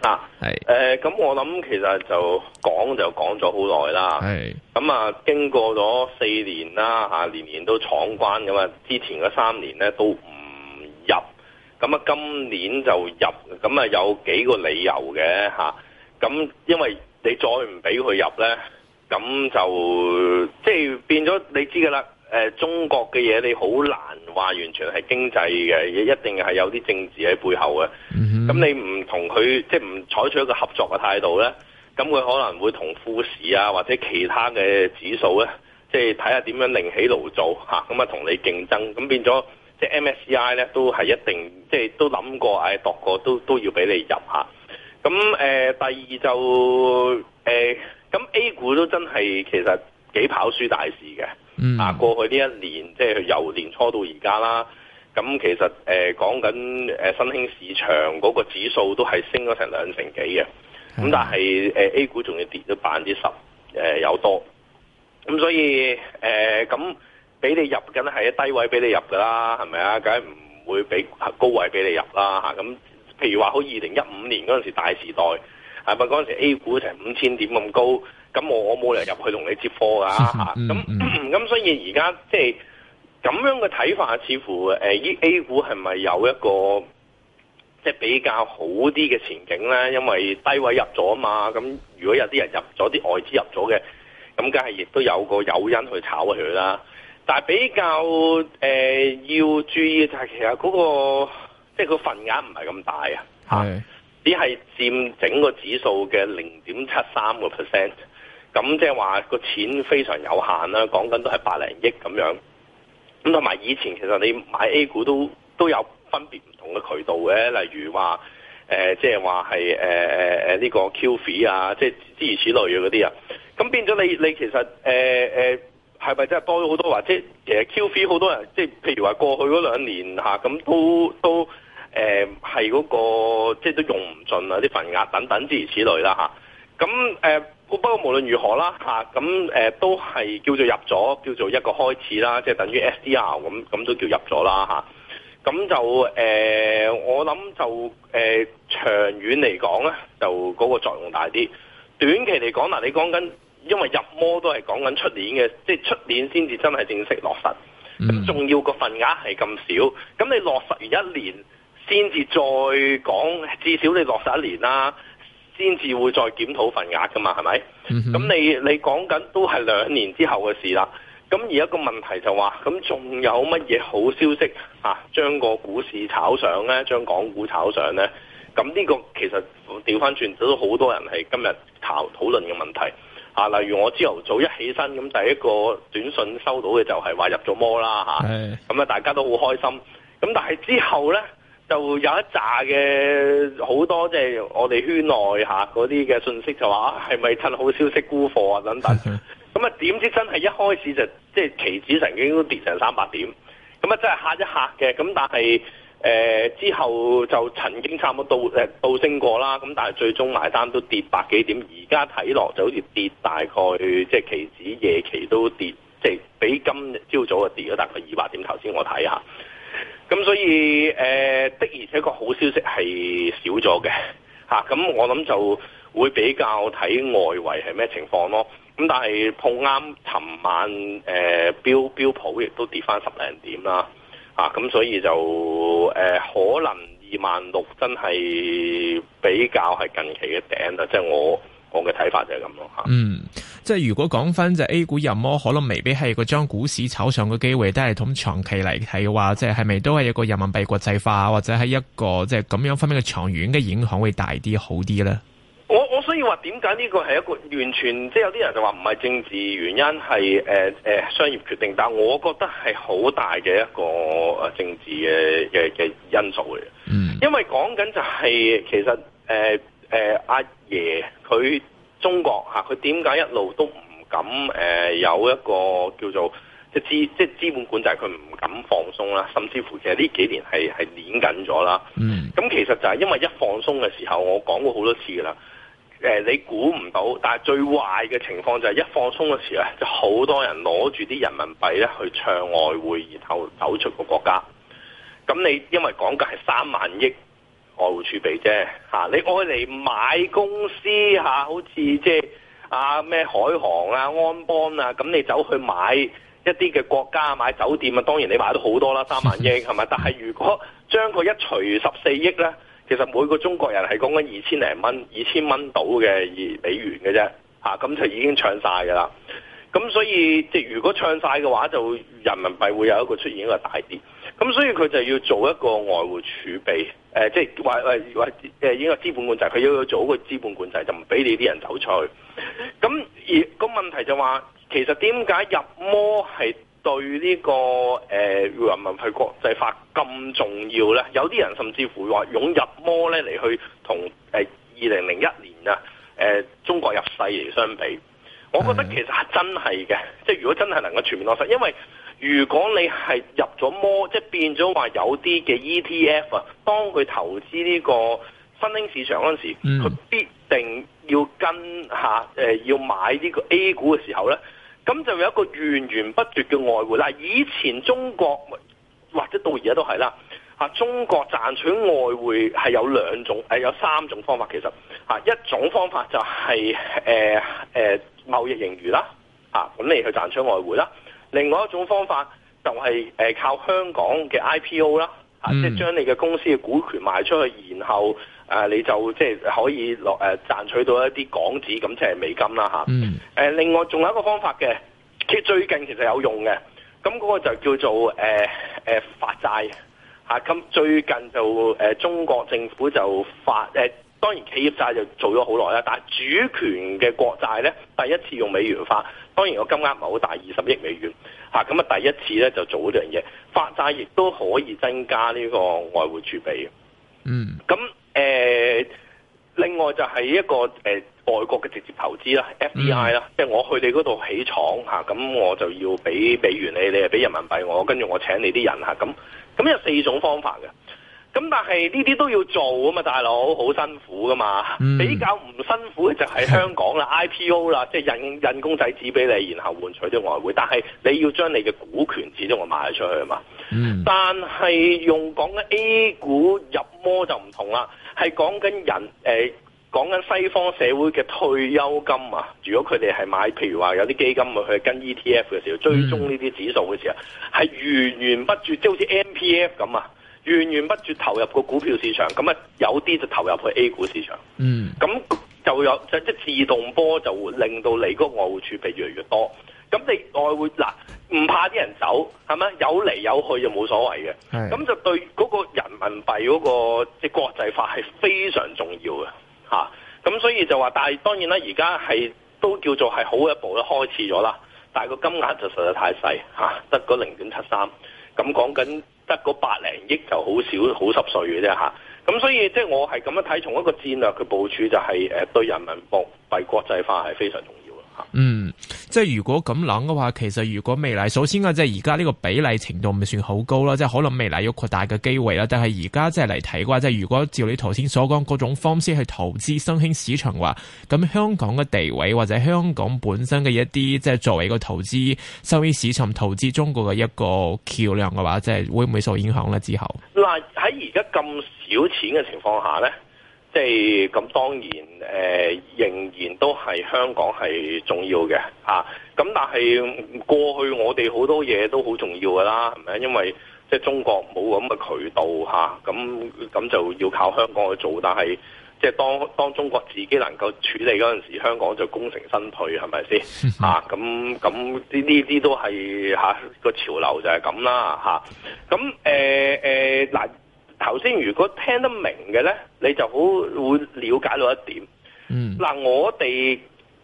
嗱，係，誒， 咁、啊呃嗯、我諗其實就講就講咗好耐啦，係，咁 啊，經過咗四年啦，吓、啊、年年都闖關噶嘛，之前嗰三年咧都唔入，咁、嗯、啊，今年就入，咁、嗯、啊，有幾個理由嘅吓，咁、啊嗯、因為你再唔俾佢入咧，咁、啊嗯、就即係變咗你知噶啦。誒、呃、中國嘅嘢，你好難話完全係經濟嘅，一定係有啲政治喺背後嘅。咁、嗯、哼你唔同佢即係唔採取一個合作嘅態度咧，咁佢可能會同富士啊或者其他嘅指數咧，即係睇下點樣另起爐灶嚇，咁啊同你競爭咁變咗即係 M S C I 咧都係一定即係、就是、都諗過，唉，度過都都要俾你入嚇。咁誒、呃、第二就誒咁、呃、A 股都真係其實幾跑輸大市嘅。嗱、嗯啊，過去呢一年，即係由年初到而家啦，咁其實誒講緊新興市場嗰個指數都係升咗成兩成幾嘅，咁、嗯、但係、呃、A 股仲要跌咗百分之十誒、呃、有多，咁所以誒咁俾你入緊係低位俾你入噶啦，係咪啊？梗係唔會俾高位俾你入啦吓。咁譬如話，好二零一五年嗰陣時大時代，係咪嗰陣時 A 股成五千點咁高？咁我我冇人入去同你接貨噶嚇，咁咁、 啊、所以而家即係咁樣嘅睇法，似乎誒依、呃、A 股係咪有一個即係比較好啲嘅前景咧？因為低位入咗嘛，咁如果有啲人入咗啲外資入咗嘅，咁梗係亦都有個誘因去炒佢啦。但係比較誒、呃、要注意就係其實嗰、嗰個即係佢份額唔係咁大啊，是的 只係佔整個指數嘅零點七三個 percent。.咁即係話個錢非常有限啦，講緊都係百零億咁樣。咁同埋以前其實你買 A 股都都有分別唔同嘅渠道嘅，例如話、呃、即係話係誒呢個 QF 啊，即係諸如此類嘅嗰啲啊。咁變咗你你其實誒係咪真係多咗好多？話？即係 QF 好多人即係譬如話過去嗰兩年咁，啊、都都誒係嗰個即係都用唔盡啊啲份額，等等諸如此類啦，咁誒。啊啊。不過無論如何啦嚇咁、啊呃、都係叫做入咗，叫做一個開始啦，即係等於 SDR 咁，咁都叫入咗啦嚇咁就誒、呃，我諗就誒、呃、長遠嚟講咧，就嗰個作用大啲。短期嚟講嗱，你講緊因為入魔都係講緊出年嘅，即係出年先至真係正式落實。咁、嗯、仲要個份額係咁少，咁你落實完一年先至再講，至少你落實一年啦、啊。先至會再檢討份額㗎嘛，係咪？咁、mm hmm. 你你講緊都係兩年之後嘅事啦。咁而一個問題就話、是，咁仲有乜嘢好消息啊？將個股市炒上呢？將港股炒上呢？咁呢個其實調翻轉都好多人係今日討論嘅問題啊。例如我朝頭早一起身，咁第一個短訊收到嘅就係話入咗摩啦嚇，咁啊、mm hmm. 啊大家都好開心。咁但係之後呢？就有一紮嘅好多，即係我哋圈內嚇嗰啲嘅信息就，就話係咪趁好消息沽貨啊等等。咁啊，點知真係一開始就即係、就是、期指曾經都跌成三百點，咁啊真係嚇一嚇嘅。咁但係、呃、之後就曾經差唔多到到升過啦。咁但係最終埋單都跌百幾點。而家睇落就好似跌大概即係、就是、期指夜期都跌，即、就、係、是、比今朝早就跌咗大概二百點。頭先我睇下。咁所以誒、呃、的而且確好消息係少咗嘅嚇，咁我諗就會比較睇外圍係咩情況咯。咁但係碰啱尋晚誒、呃、標標普亦都跌翻十零點啦，咁、啊、所以就誒、呃、可能二萬六真係比較係近期嘅頂啦，即、就、係、是、我。我嘅睇法就係咁咯嚇。嗯，即、就、係、是、如果講返就 A 股入摩，可能未必係個將股市炒上嘅機會，但係同長期嚟睇嘅話，即係係咪都係一個人民幣國際化，或者係一個即係咁樣分俾嘅長遠嘅影響會大啲好啲咧？我我所以話點解呢個係一個完全即係、就是、有啲人就話唔係政治原因，係誒誒商業決定，但係我覺得係好大嘅一個誒政治嘅嘅嘅因素嚟，嗯，因為講緊就係、是、其實誒。呃誒阿、呃、爺佢中國嚇佢點解一路都唔敢誒、呃、有一個叫做即資即資本管制，佢唔敢放鬆啦，甚至乎其實呢幾年係係攆緊咗啦。嗯，咁其實就係因為一放鬆嘅時候，我講過好多次啦。誒、呃，你估唔到，但係最壞嘅情況就係一放鬆嘅時候咧，就好多人攞住啲人民幣咧去唱外匯，然後走出個國家。咁你因為講緊係三萬億。外匯儲備啫、啊，你愛嚟買公司、啊、好似即係啊咩海航啊安邦啊，咁你走去買一啲嘅國家、啊、買酒店啊，當然你買到好多啦，三萬億係咪？但係如果將佢一除十四億呢，其實每個中國人係講緊二千零蚊、二千蚊到嘅二美元嘅啫，咁、啊、就已經唱曬㗎啦。咁所以即係如果唱曬嘅話，就人民幣會有一個出現一個大跌。咁所以佢就要做一個外匯儲備。誒、呃、即係話話話誒應該資本管制，佢要做好個資本管制，就唔俾你啲人走出去。咁而個問題就話，其實點解入摩係對呢、呢個誒、呃、人民幣國際化咁重要咧？有啲人甚至乎會話，用入摩咧嚟去同誒二零零一年啊、呃、中國入世嚟相比，我覺得其實係真係嘅，即係如果真係能夠全面落實，因為。如果你係入咗摩，即係變咗話有啲嘅 ETF 啊，當佢投資呢個新興市場嗰陣時候，佢必定要跟下誒、啊呃、要買呢個 A 股嘅時候呢，咁就有一個源源不絕嘅外匯啦。以前中國或者到而家都係啦，嚇、啊、中國賺取外匯係有兩種誒、啊，有三種方法其實嚇、啊、一種方法就係誒誒貿易盈餘啦，啊咁你去賺取外匯啦。另外一種方法就係靠香港嘅 IPO 啦、嗯，嚇、啊，即、就、將、是、你嘅公司嘅股權賣出去，然後、啊、你就即係、就是、可以賺取到一啲港紙咁即係美金啦、啊嗯啊，另外仲有一個方法嘅，最近其實有用嘅，咁、那、嗰個就叫做誒、呃呃、發債咁、啊、最近就、呃、中國政府就發、呃、當然企業債就做咗好耐啦，但係主權嘅國債咧第一次用美元發。當然個金額唔係好大，二十億美元嚇咁啊！第一次咧就做嗰樣嘢，發債亦都可以增加呢個外匯儲備嘅。嗯，咁誒、呃，另外就係一個誒、呃、外國嘅直接投資啦，FDI 啦，DI，嗯、即係我去你嗰度起廠嚇，咁我就要俾美元你，你又俾人民幣我，跟住我請你啲人嚇，咁咁有四種方法嘅。咁但係呢啲都要做啊嘛，大佬好辛苦噶嘛。嗯、比較唔辛苦嘅就係香港啦，IPO 啦，即係印印公仔紙俾你，然後換取咗外匯。但係你要將你嘅股權指中我賣咗出去啊嘛。嗯、但係用講緊 A 股入摩就唔同啦，係講緊人講緊、呃、西方社會嘅退休金啊。如果佢哋係買，譬如話有啲基金去跟 ETF 嘅時候，追蹤呢啲指數嘅時候，係源源不絕，即係好似 MPF 咁啊。源源不絕投入個股票市場，咁啊有啲就投入去 A 股市場，嗯，咁就有就即係自動波，就令到你嗰個外匯儲備越嚟越多，咁你外匯嗱唔怕啲人走，係咪有嚟有去就冇所謂嘅，咁的就對嗰個人民幣嗰個即係國際化係非常重要嘅，吓、啊，咁所以就話，但係當然啦，而家係都叫做係好一步都開始咗啦，但係個金額就實在太細吓，得嗰零點七三，咁講緊。得個百零億就好少，好濕碎嘅啫，吓，咁所以即係我係咁樣睇，從一個戰略嘅部署就係誒，對人民幣國際化係非常重要咯嚇。嗯。即係如果咁諗嘅話，其實如果未來首先啊，即係而家呢個比例程度唔算好高啦，即係可能未來有擴大嘅機會啦。但係而家即係嚟睇嘅話，即係如果照你頭先所講嗰種方式去投資新興市場嘅話，咁香港嘅地位或者香港本身嘅一啲即係作為一個投資收益市場、投資中國嘅一個橋樑嘅話，即係會唔會受影響咧？之後嗱喺而家咁少錢嘅情況下咧？即係咁當然，誒、呃、仍然都係香港係重要嘅咁、吓、但係過去我哋好多嘢都好重要㗎啦，係咪？因為即係中國冇咁嘅渠道咁咁、吓、就要靠香港去做。但係即係當，當中國自己能夠處理嗰陣時，香港就功成身退，係咪先？咁咁呢？呢啲都係個、吓、潮流就係咁啦，咁誒誒嗱。啊頭先如果聽得明嘅呢，你就好會了解到一點。嗯，嗱，我哋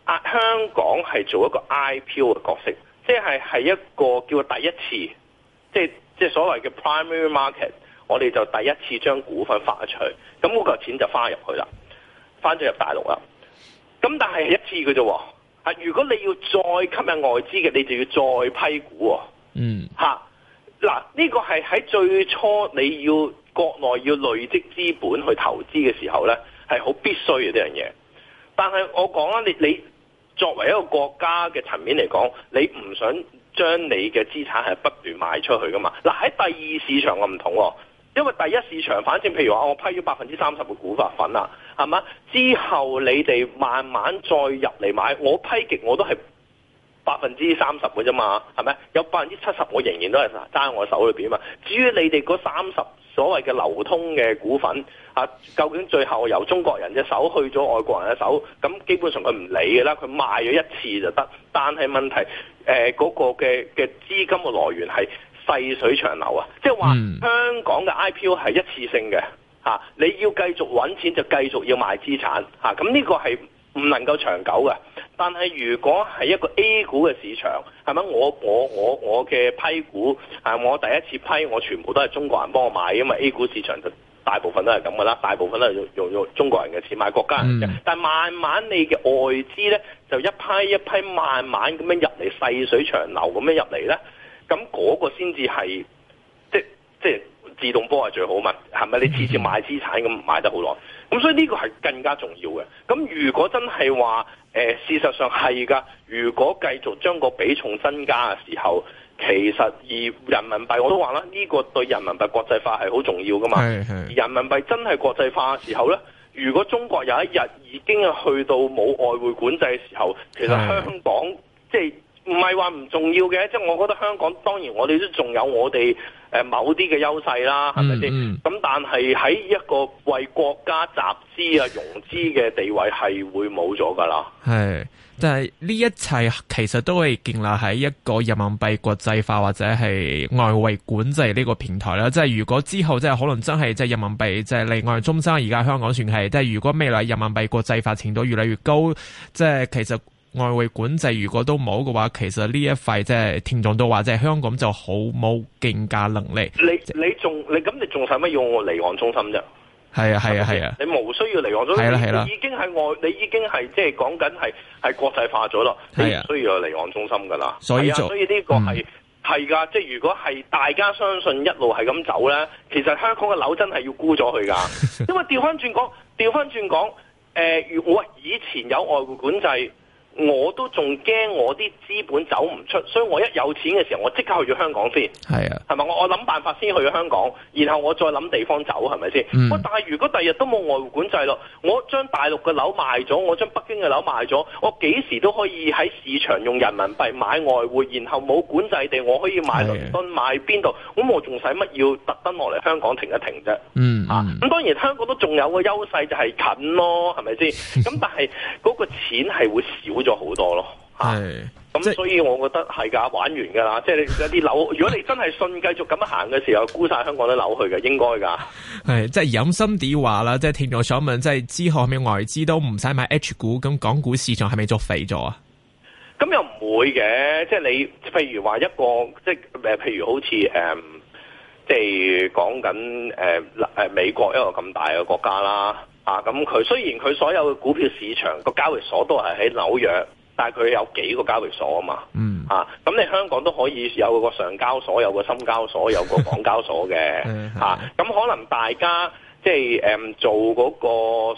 香港係做一個 IPO 嘅角色，即係係一個叫第一次，即係即係所謂嘅 primary market，我哋就第一次將股份發出去，咁嗰嚿錢就翻入去啦，翻咗入大陸啦。咁但係一次嘅啫喎，如果你要再吸引外資嘅，你就要再批股、哦。嗯、mm. 啊，嗱呢、呢個係喺最初你要。國內要累積資本去投資嘅時候呢，係好必須嘅呢樣嘢。但係我講啦，你你作為一個國家嘅層面嚟講，你唔想將你嘅資產係不斷賣出去噶嘛？嗱、啊、喺第二市場我唔同，因為第一市場反正譬如話我批咗百分之三十嘅股份啊，係嘛？之後你哋慢慢再入嚟買，我批極我都係百分之三十嘅啫嘛，係咪有百分之七十我仍然都係揸喺我手裏邊嘛？至於你哋嗰三十。所謂嘅流通嘅股份啊，究竟最後由中國人嘅手去咗外國人嘅手，咁、嗯、基本上佢唔理嘅啦，佢賣咗一次就得。但係問題誒，嗰、呃那個嘅嘅資金嘅來源係細水長流啊，即係話香港嘅 IPO 係一次性嘅、啊、你要繼續揾錢就繼續要賣資產嚇，咁、啊、呢個係，唔能夠長久嘅，但係如果係一個 A 股嘅市場，係咪我我我我嘅批股啊？我第一次批，我全部都係中國人幫我買，因為 A 股市場就大部分都係咁嘅啦，大部分都係用用中國人嘅錢買國家人嘅。但係慢慢你嘅外資呢，就一批一批，慢慢咁樣入嚟，細水長流咁樣入嚟呢。咁嗰個先至係即即。即自動波係最好嘛？係咪你直接買資產咁買得好耐？咁所以呢個係更加重要嘅。咁如果真係話，誒、呃、事實上係噶，如果繼續將個比重增加嘅時候，其實而人民幣我都話啦，呢、呢個對人民幣國際化係好重要噶嘛。係係人民幣真係國際化嘅時候咧，如果中國有一日已經去到冇外匯管制嘅時候，其實香港即係唔係話唔重要嘅，即係我覺得香港當然，我哋都仲有我哋誒某啲嘅優勢啦，係咪先？咁、嗯嗯、但係喺一個為國家集資啊、融資嘅地位係會冇咗噶啦。係，但係呢一切其實都係建立喺一個人民幣國際化或者係外匯管制呢個平台啦。即係如果之後即係可能真係即係人民幣即係離岸中心，而家香港算係。即係如果未來人民幣國際化程度越嚟越高，即係其實。外匯管制如果都冇嘅話，其實呢一塊即係聽眾都話，即、就、係、是、香港就好冇競價能力。你你仲你咁你仲使乜要我離岸中心啫？係啊係啊係啊！你冇需要離岸中心，係啦係啦，已經係外，你已經係即係講緊係係國際化咗咯，啊、你唔需要離岸中心噶啦、啊。所以所以呢個係係噶，即係如果係大家相信一路係咁走咧，其實香港嘅樓真係要沽咗佢噶。 因為調翻轉講，調翻轉講，誒、呃，如果以前有外匯管制。我都仲驚我啲資本走唔出，所以我一有錢嘅時候，我即刻去咗香港先。係啊，係咪？我我諗辦法先去咗香港，然後我再諗地方走，係咪先？嗯、但係如果第日都冇外匯管制咯，我將大陸嘅樓賣咗，我將北京嘅樓賣咗，我幾時都可以喺市場用人民幣買外匯，然後冇管制地，我可以買倫敦、啊、買邊度，咁我仲使乜要特登落嚟香港停一停啫、嗯啊嗯？嗯啊，咁當然香港都仲有個優勢就係近咯，係咪先？咁 但係嗰個錢係會少咗好多咯，係咁所以我覺得係噶玩完噶啦，即係一啲樓， 如果你真係信繼續咁樣行嘅時候，沽晒香港啲樓去嘅，應該噶係，即係隱心啲話啦，即係聽眾想問，即係之後係咪外資都唔使買 H 股，咁港股市場係咪作廢咗啊？咁又唔會嘅，即係你譬如話一個即係譬如好似誒，即係講緊誒誒，美國一個咁大嘅國家啦。啊，咁佢雖然佢所有嘅股票市場個交易所都係喺紐約，但係佢有幾個交易所啊嘛。嗯。咁、啊、你香港都可以有個上交所，有個深交所，有個港交所嘅。嗯、 啊。咁可能大家即係、嗯、做嗰個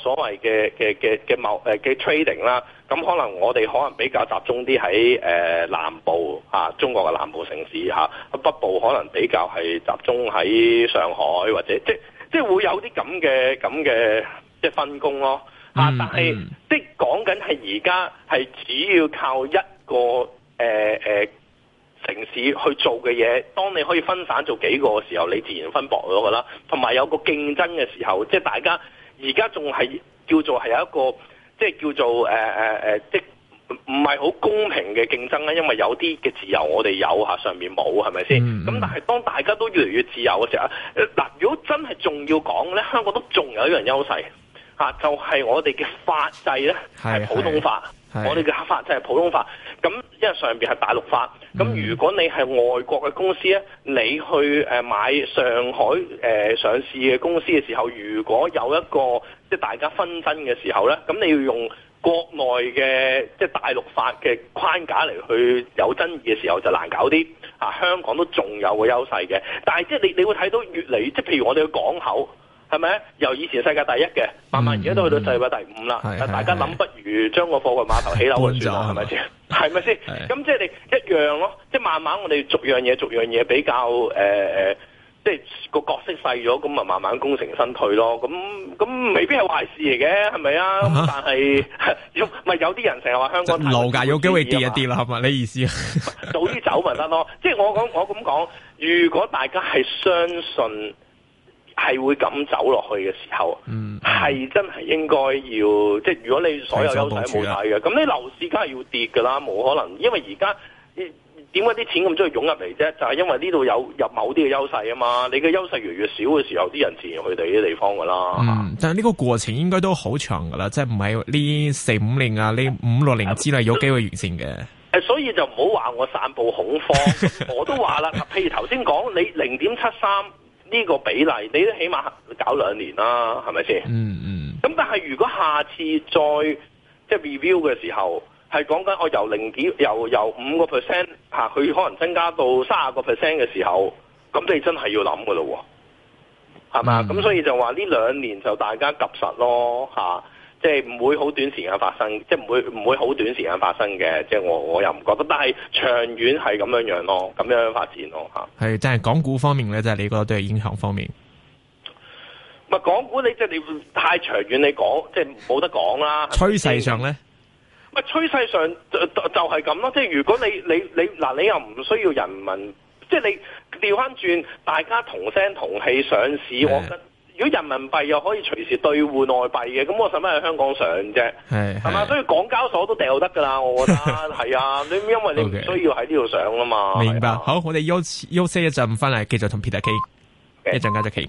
所謂嘅嘅嘅嘅某誒嘅 trading 啦，咁可能我哋可能比較集中啲喺誒南部、啊、中國嘅南部城市、啊、北部可能比較係集中喺上海或者即即會有啲咁嘅咁嘅。這樣的即係分工咯，吓、啊，但係即係講緊係而家係主要靠一個誒誒、呃呃、城市去做嘅嘢。當你可以分散做幾個嘅時候，你自然分薄咗噶啦。同埋有個競爭嘅時候，即係大家而家仲係叫做係有一個，即係叫做誒誒誒，即唔係好公平嘅競爭咧。因為有啲嘅自由我哋有下，上面冇，係咪先？咁、嗯、但係當大家都越嚟越自由嘅時候，嗱、啊，如果真係仲要講咧，香港都仲有一樣優勢。啊！就係我哋嘅法制咧，係普通法。係係係我哋嘅法制係普通法。咁因為上邊係大陸法。咁如果你係外國嘅公司咧，嗯、你去誒買上海誒上市嘅公司嘅時候，如果有一個即係大家紛爭嘅時候咧，咁你要用國內嘅即係大陸法嘅框架嚟去有爭議嘅時候就難搞啲。啊，香港都仲有個優勢嘅，但係即係你你會睇到越嚟即係譬如我哋嘅港口。係咪？由以前世界第一嘅，慢慢而家都去到世界第五啦。嗯、大家諗不如將個貨櫃碼頭起樓嘅選擇，係咪先？係咪先？咁即係你一樣咯。即係慢慢我，我哋逐樣嘢，逐樣嘢比較。誒、呃、誒，即係個角色細咗，咁咪慢慢功成身退咯。咁咁未必係壞事嚟嘅，係咪啊？但係有咪有啲人成日話香港樓價有機會跌一跌啦，係咪你意思？早啲走咪得咯。 即係我講，我咁講，如果大家係相信。係會咁走落去嘅時候，嗯，係真係應該要、嗯、即係，如果你所有優勢冇晒嘅，咁你樓市梗係要跌噶啦，冇可能。因為而家點解啲錢咁中意湧入嚟啫？就係、是、因為呢度有有某啲嘅優勢啊嘛。你嘅優勢越來越少嘅時候，啲人自然去第啲地方噶啦。嗯，但係呢個過程應該都好長噶啦，即係唔係呢四五年啊，呢、啊、五六年之內有機會完善嘅。誒，所以就唔好話我散步恐慌， 我都話啦。譬如頭先講，你零點七三。呢個比例，你都起碼搞兩年啦，係咪先？嗯嗯。咁但係如果下次再即係 review 嘅時候，係講緊我由零點由由五個 percent 嚇，佢可能增加到三十個 percent 嘅時候，咁你真係要諗喇咯，係嘛？咁、嗯、所以就話呢兩年就大家及實咯，啊即係唔會好短時間發生，即係唔會唔會好短時間發生嘅，即係我我又唔覺得，但係長遠係咁樣樣咯，咁樣樣發展咯，吓。係，即係港股方面咧，即係你覺得對影響方面？唔係港股你，你即係你太長遠，你講即係冇得講啦。趨勢上咧？唔係趨勢上就就係咁咯，即係如果你你你嗱，你又唔需要人民，即係你調翻轉，大家同聲同氣上市，我覺得。如果人民幣又可以隨時兌換外幣嘅，咁我使乜喺香港上啫？係，係嘛？所以港交所都掉得噶啦，我覺得係 啊。你因為你唔需要喺呢度上啊嘛。Okay. 啊明白。好，我哋休休息一陣，翻嚟繼續同 Peter K 一陣間再傾。